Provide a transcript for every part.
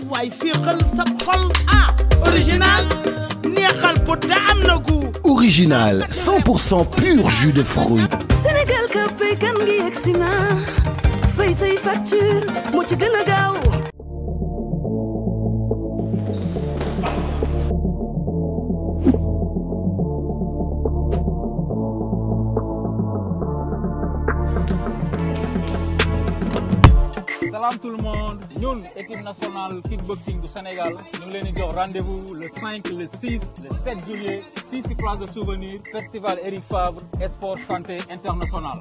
ay waay féexal sab xol ah original neexal pot te am na gu original 100% pur jus de fruits Sénégal ka fay kan gi yegsi na fay say facture moo ci gën a gaaw salaam tout le monde ñun équipe nationale kickboxing du Sénégal ñu ngi leen di jox rendez-vous le 5 le 6 le 7 juillet fii ci place de souvenir festival Eric Favre sport santé international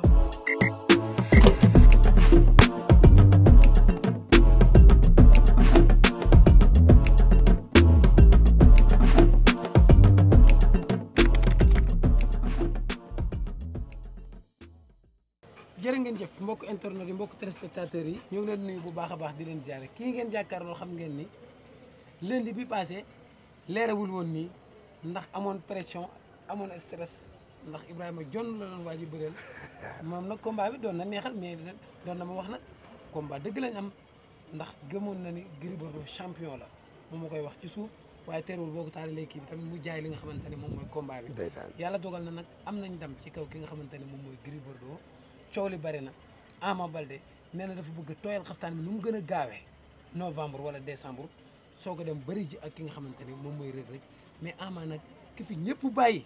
jëf mbokk internet yi mbokk téléspectateurs yi ñoo leen nuyu bu baax baax di leen ziare kii ngeen jàkkaarloo xam ngeen ni lundi bi passé leerawul woon nii ndax amoon pression amoon stress ndax Ibrahima John la doon waaj a bëreel moom nag combat bi doon na neexal mais doon na ma wax nag combat dëgg lañ am ndax gëmoon na ni Gris Bordeaux champion la moom ma koy wax ci suuf waaye teerul boo ko taalee kii bi tamit mu jaay li nga xamante ne moom mooy combat yàlla dogal na nag am nañ ndam ci kaw ki nga xamante ne moom mooy Gris Bordeaux coow li bari na Ama Baldé nee na dafa bëgg tooyal xaftaan bi nu mu gën a gaawee novembre wala décembre soo ko dem bëri ji ak ki nga xamante ni moom mooy Reug Reug mais Ama nag ki fi ñëpp bàyyi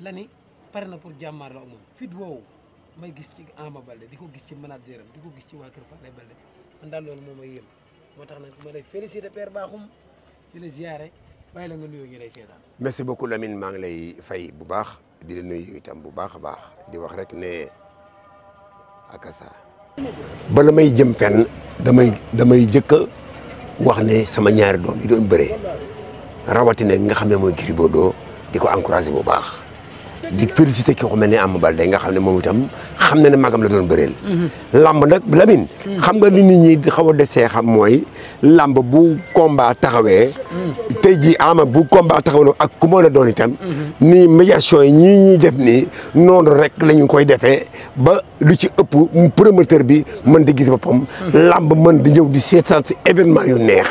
la ni pare na pour jàmmaar la ak fit woowu may gis ci Ama Baldé di ko gis ci manager am di ko ci waa Kër Fallé Baldé man daal loolu moom may yëm moo tax nag ma lay féliciter Père Bakhoum di la ziyaare bàyyi la nga nuyoo ñu lay seetaan. merci beaucoup Lamine maa ngi lay fay bu baax di la itam bu baax a baax di wax rek ne. ak asa bala may jëm fenn damay damay jëkk a wax ne sama ñaari doom yi doon bëree rawatina nga xam ne mooy Gris Bordeaux di ko encouragé bu baax di félicité ki ko mel ne Ama Baldé nga xam ne moom itam xam na ne magam la doon bëreel. Mhm. làmb nag Lamine. Mhm. xam nga li nit ñi xaw a desee xam mooy. làmb bu combat taxawee. tey jii ama bu combat taxawee ak ku mën a doon itam. nii médiation yi ñii ñuy def ni noonu rek lañu koy defee ba lu ci ëpp promoteur bi man di gis boppam. làmb mën di ñëw di seetaan si événement yu neex.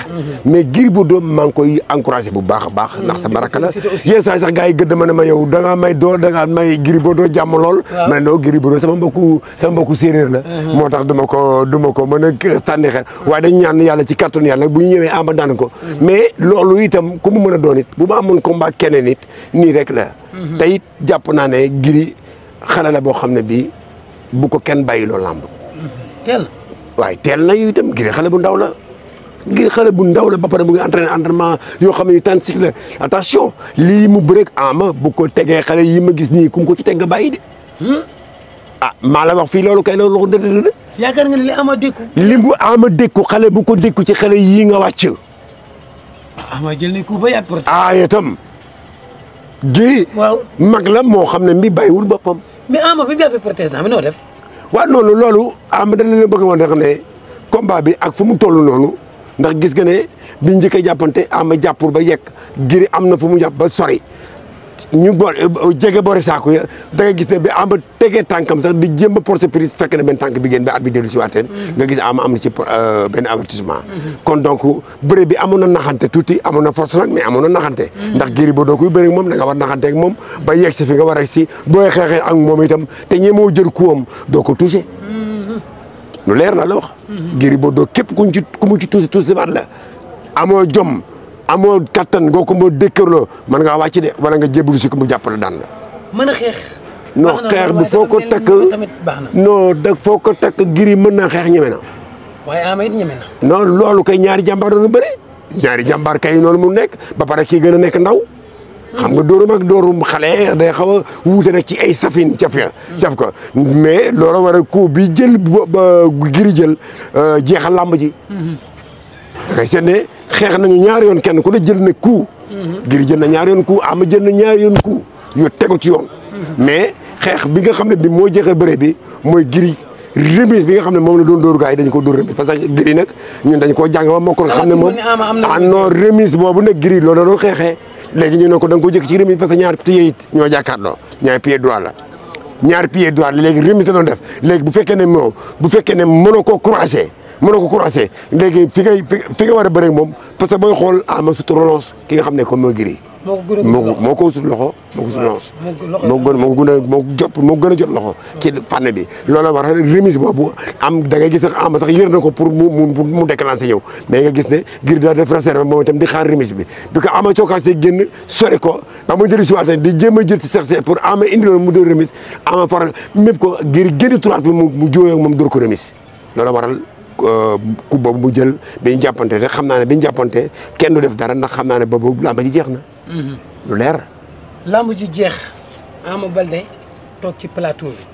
mais Gris bu doo ngi koy encourage bu baax a baax. ndax sama rakk la yéen saa sax gars yi gëdd ma ne ma yow da ngaa may doo da ngaa may Gris Bordeaux jàmm lool. waaw ma ne non Gris Bordeaux sama mbokku sama mbokku séeréer la. Uh-huh. moo tax duma ko duma ko mën a tànn xel waaye kàttanu yàlla bu ñu ñëwee ama daan ko. mais loolu itam ku mu mën a doon it bu ma amoon combat keneen it nii rek la. Mhm. te it jàpp naa ne giri xale la boo xam ne bii bu ko kenn bàyyiloo làmb. Mhm. teel waaye teel na yu itam giri xale bu ndaw la. ngir xale bu ndaw la ba pare mu ngi entraîné entraînement yoo xam ne yu tànn la attention lii mu bëreeg ama bu ko tegee xale yii ma gis nii ku ko ci teg nga bàyyi de. Hmm? ah maa la wax fii loolu kay loolu la ko dëgg yaakaar nga ne li ama dékku. li bu ama dékku xale bu ko dékku ci xale yii nga wàcc. ama jël nañ ko ba yàgg proté. ah gii. mag la moo xam ne mi bàyyiwul boppam. mais ama bi mu jàppee protestant bi noo def. waaw noonu loolu ama dañ leen bëgg a wax ne combat bi ak fu mu toll noonu ndax gis nga ne biñ njëkkee jàppante ama jàppul ba yekk giri am na fu mu jàpp ba sori. ñu bo eh, jege boori saako ya gis ne bi am tegee tànkam sax di jéem a porter prise fekk na benn tànk bi génn ba bi dellu si waateen mm-hmm. am am na euh, benn avertissement mm-hmm. kon donc bëre bi amoon na naxante tuuti amoon na force nag mais amoon na naxante mm-hmm. ndax Gris Bordeaux kuy bëre moom da nga war naxante moom ba yegg si fi nga war a si booy xeexee ak moom itam te ñemoo jël kuwam doo ko touché lu leer la la wax boo Bordeaux képp kuñ ci ku mu ci touché touché baat la amoo jom amoo kattan nga ko moo dëkkërloo mën ngaa wàcc de wala nga jébbalu si ko mu jàppale daan la. mën a xeex. non xeex bi foo ko takk non da foo ko takk giri mën naa xeex ñeme na. waaye ama na. non loolu kay ñaari jàmbaar doon bëri ñaari jàmbaar kay noonu mu nekk ba pare kii gën a nekk ndaw. xam nga dóoru mag dóoru xale day xaw a wuute nag ci ay safin caf ya caf ko mais loolu war a coup bi jël ba giri jël euh, jeexal làmb ji. Mm-hmm. da ngay seet ne xeex nañu ñaari yoon kenn ku ne jël na ku ngir mhm. jël na ñaari yoon coup ama jël na ñaari yoon ku yu tegu ci yoon. Mhm. mais xeex bi nga xam ne bi moo jeexee bëre bi mooy giri remise bi nga xam ne moom la doon dóor gars yi dañu ko dóor remise parce que giri nag ñun dañ koo jàng ba mokkoon xam ne ah, moom ah non remise boobu nag giri loolu doon xeexee léegi ñu ne ko da nga ko jëkk ci remise parce que ñaar pied it ñoo jàkkaarloo ñaar pied droit ñaar pied droit la léegi remise la doon léegi bu fekkee ne moom bu fekkee ne mënoo koo croisé mënoo ko croisé léegi fi ngay fi nga war moom parce que booy xool ama ah, sut relance ki nga xam ne kon mooy Gris moo ko moo ko sut loxo moo ko sut relance moo ko moo ko moo jot moo ko gën a jot loxo ci fànn bi loolu war a remise boobu am da ngay gis ne ama sax yër na ko pour mu mu mu déclenché ñëw mais nga gis ne Gris daa def réserve tam itam di xaar remise bi bi ko ama cookaasee génn sori ko ba mu jëli si waat di jéem a jël si sax pour ama indi loolu mu doon remise ama faral mépp ko Gris génn turaat bi mu mu moom dóor ko remise loolu waral Euh, coup boobu mu jël bi ñu jàppante rek xam naa ne bi ñu kenn du def dara ndax xam naa ne boobu làmb ji jeex na. Mhm. lu leer. làmb ji jeex Ama Baldé toog ci plateau bi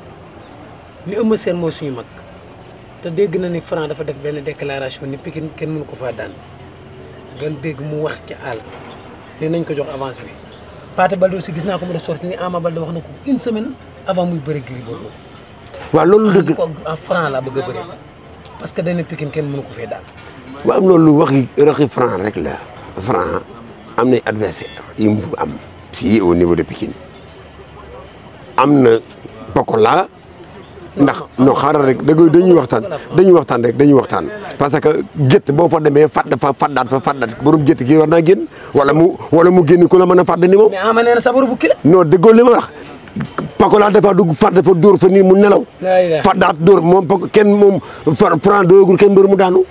ni Eumeu seen moo suñu mag te dégg na ni Franc dafa def benn déclaration ni Pikine kenn mënu ko faa daan gën dégg mu wax ki àll ni nañ ko jox avance bi Pathé Baldé si gis naa ko mu def sorti ni Ama Baldé wax na ko une semaine avant muy bëri Gris Bordeaux. waaw loolu dëgg en Franc laa bëgg a bëri. parce que dañ ne Pikine ko fee daal. waaw loolu waxi waxi Franc rek la. Franc am nay adversaire yu mu am. fii au niveau de Pikine am na Pokola. ndax non xaaral rek da dañuy waxtaan dañuy waxtaan rek dañuy waxtaan parce que gétt boo fa demee fàdd fa fàddaat fa fàddaat borom gétt gi war naa génn wala mu wala mu génn ku la mën a fàdd ni moom. mais ama nee ma wax Pakola dafa dugg far dafa dóor fa nii mu nelaw. far daat dóor moom kenn moom far Franc doogul kenn mbër mu daanu.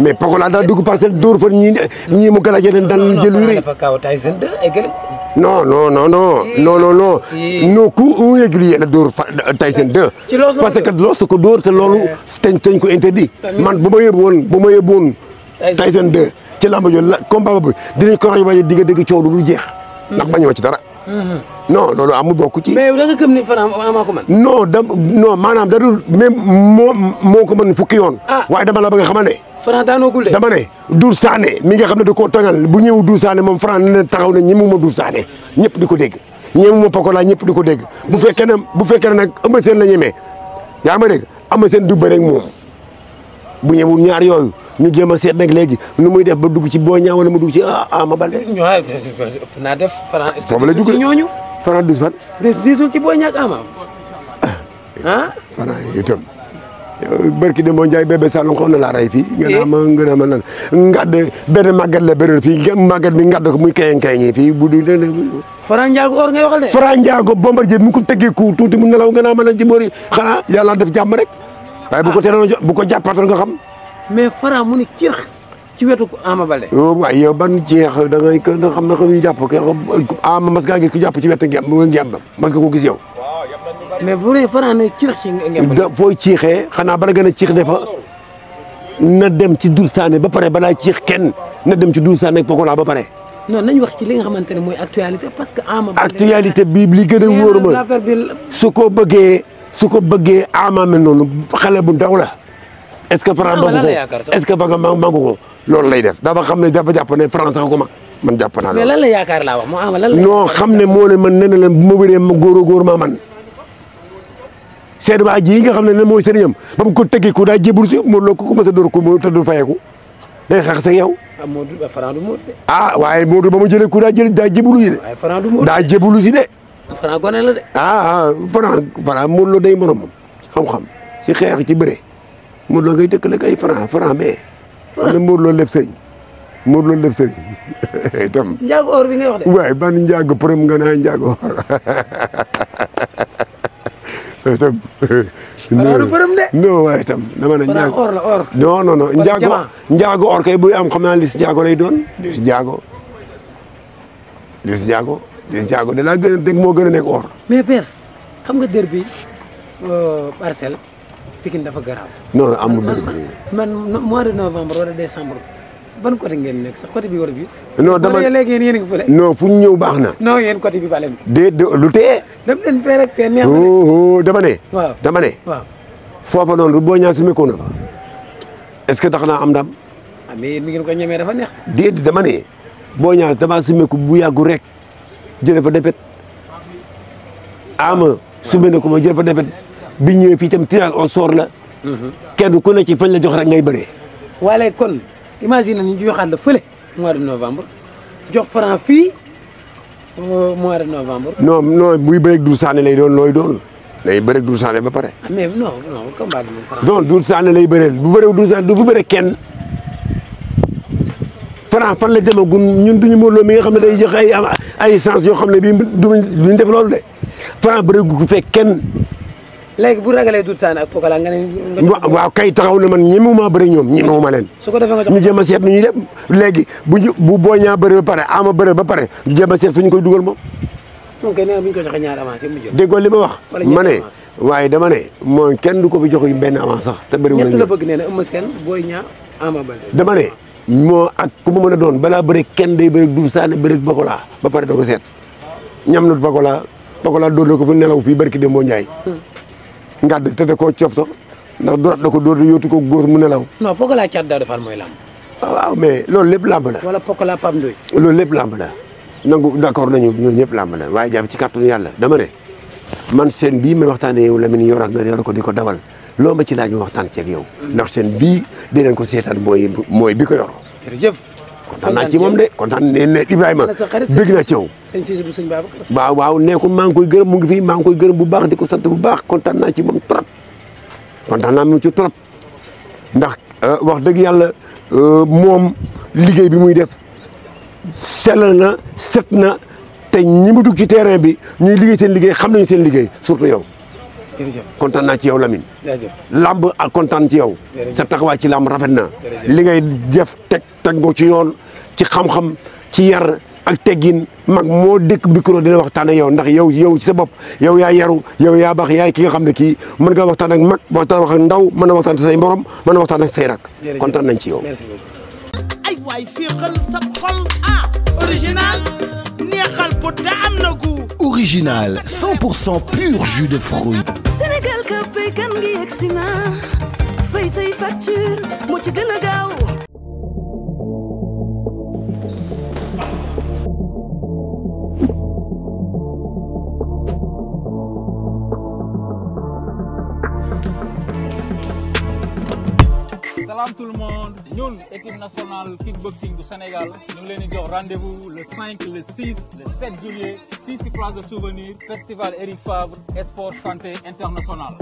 mais Pakola daa dugg parcelle dóor fa ñii ñii mu gën a jëlee daan jël yu rëy. non non non non non non non non ku irrégulier la dóor Tyson 2 parce que loolu ko dóor te loolu eh. teñ teñ ko interdit man bu ma yóbbu woon bu ma yóbbu woon Tyson 2 ci lamba jooju la combat bi dinañ ko rajo ba dégg-dégg coow du jeex mm-hmm. ndax bañoo ci dara mm-hmm. non loolu amul bokku ci. mais da nga gëm ni ko mën. non da maanaam da dul même moo moo ko mën fukki yoon. Ah. waaye dama la ba nga xamal ne. Franc daanoogul de. dama ne Dour Sané mi nga xam ne da koo tangal bu ñëw Dour Sané moom Franc ne taxaw ne ñemewuma Dour Sané ñëpp di ko dégg ñemewuma Pokola ñëpp di ko dégg bu fekkee ne bu fekkee ne nag Eumeu Sène la ñemee yaa ma dégg Eumeu Sène du bëre ak moom bu ñëwul ñaar yooyu. ñu jéem a seet legi léegi nu muy def ba dugg ci boo ñaaw ma dug ci ah ma bal de. ñoo naa def. Franc est-ce que ñooñu Franc douze fan. diisul ci Boy Niang ak Ama. ah. Franc itam. de moo Ndiaye bébé Saloum xaw na laa rey fii. nga eh? naa ma nga naa ma nan ngadd benn màggat la bëre fii màggat mi ngadd ko muy kayen kayen fii bu du. Franc Ndiago or ngay wax de. Franc Ndiago Bombardier mu ko teggee ku tuuti mu nelaw nga naa ma nan ci boori xanaa yàlla def jàmm rek. waaye bu ko ah. teeloon bu ko jàppatoon nga xam. mais Franc mu ni cër. ci wetu Ama Baldé. Oh, yow ban jeex da ngay da xam na xam yu jàpp ama mas ngaa gis ku jàpp ci wetu ngemb mas nga ko gis yow. mais bu dee Franc ne ciix ci ngemb. da fooy ciixee xanaa bala gën a ciix defa na dem ci dur saane ba pare balaa ciix kenn na dem ci dur saane ak pokola ba pare. non nañ wax ci li nga xamante ne mooy actualité parce que. Ama Baldé actualité bi li gën a wóor ma su ko bëggee su ko bëggee ama mel noonu xale bu ndaw la. es ce que Franc màggu ah, ko est lay def dafa xam ne dafa jàpp ne Franc sax ko man jàpp ah, non xam ne moo ne man nee na leen bu ma wéree ma góor a man seet waa ji yi nga xam ne ne mooy sëriñam ba mu ko tëggee ko daa jébul si Modou Lo ko ko mos a dóor ko mu tëdd fayeku day xeex sa yow. ah Modou ah, waaye Modou ba mu jëlee ko daa jël daa de. waaye Franc du Modou daa si de. Franc gone la de. ah day moroomam xam-xam si xeex ci bëre Modou Lo ngay dëkkale kay franc franc mais. franc xam Modou Lo leb itam. njaago or bi ngay wax de. njaago përëm nga naa njaago or njaago or la or. non non non njaago njaago or kay buy am xam naa li si lay doon li si njaago li si njaago de laa gën a dégg moo gën a nekk or. mais père xam nga derby euh, parcelle. Pikine dafa garaaw. non amul dëgg. man mois de novembre wala décembre ban côté ngeen nekk sax côté bi war bi. non dama wala léegi yéen yéen a ngi fële. non fu ñu ñëw baax na. non yéen côté bi bale na. de lu tee. dem leen fee oh, oh, dama ne. waaw foofa noonu boo ñaa si na fa est-ce que tax naa am ndam. ah mais yéen mi ngeen ko ñemee dafa neex. déedéet dama ne boo ñaa damaa sumeeku bu yàggu rek jëlee fa dépét ama sumeeku ma jëlee fa dépét. bi ñëwee fii tam tirage au sort la. Mhm. kenn ku ci fañ la jox rek ngay bëree. waaye kon imagine ñu joxaat la fële mois de novembre jox fara fi euh, mois de novembre. non non buy bëreeg Doudou Sané lay doon looy doon lay bëreeg Doudou Sané ba pare. Ah, mais non non combat bi non Doudou Sané lay bëreel bu bëree Doudou Sané du fa bëre kenn. Franc fan la demagum ñun duñu mbooloo mi nga xam ne day jox ay ay sens yoo xam ne bii duñ def lool de Franc bëreegu ko fekk kenn. léegi bu ragalee Doudou Sané ak Pokola nga ne. kay taxaw na man ñemewuma bëri ñoom ñemewuma leen. su ko defee nga jox ñu jéem a seet nu ñuy def léegi bu ñu bu booñaa bëri ba pare ama bëri ba pare ñu a seet fu koy dugal moom. moom kay nee na bu ñu ko joxee ñaari avance mu jóg. déggoo li ma wax. ma ne waaye dama ne kenn du ko fi jox benn avance sax. te bëriwul ñett la bëgg nee na Eumeu Sène Boy Niang Ama Baldé. dama ne moo ak ku mu mën doon balaa bëri kenn day bëri Doudou Sané bëri Pokola ba pare doo ko seet ñam na Pokola Pokola dóor la ko fu nelaw fii barki Demba Ndiaye hmm. ngàdd te da koo coob sax ndax doot da ko dóor yóotu ko góor mu nelaw. non Pokola Thiat Daouda Fall mooy làmb. Ah, waaw mais loolu lépp làmb la. wala Pokola Pape Ndoye. loolu lépp làmb la nangu d' na nañu ñun ñëpp làmb la waaye jam ci kàttanu yàlla dama ne man seen bii man waxtaanee yow la mi yoraat nga yor ko di ko dawal loo ma ci laaj ma waxtaan ceeg yow. ndax seen bii dinañ ko seetaan mooy mooy bi ko yor. kontaan naa ci moom de kontaan nee ne Ibrahima bëgg naa ci yow waaw waaw nee ko maa ngi koy gërëm mu ngi fii maa ngi koy gërëm bu baax di ko sant bu baax kontaan naa ci moom trop kontaan naa moom ci trop ndax euh, wax dëgg yàlla euh, moom liggéey bi muy def sell na set na te ñi mu dugg ci terrain bi ñuy liggéey seen liggéey xam nañu seen liggéey surtout yow kontaan naa ci yow Lamine lamb ak kontaan ci yow sa waa ci lamb rafet na li ngay def teg teg nga ci yoon ci xam-xam ci yar ak teggin mag moo dëkk micro dina waxtaan ak yow ndax yow yow ci sa bopp yow yaa yaru yow yaa baax yaay ki nga xam ne kii mën nga waxtaan ak mag waxtaan ak ndaw mën na waxtaan ak say morom man na waxtaan ak say rak kontaan ci yow ay waay féexal sab xol ah original neexal na pour cent pur jus de fruits Sénégal ka fay kan ngi yegsi na fay say facture moo ci gën a gaaw salaam tout le monde ñun équipe nationale kickboxing bu Sénégal ñu ngi leen di jox rendez-vous le 5 le 6 le 7 juillet fii ci de souvenir festival Eric Favre sport santé international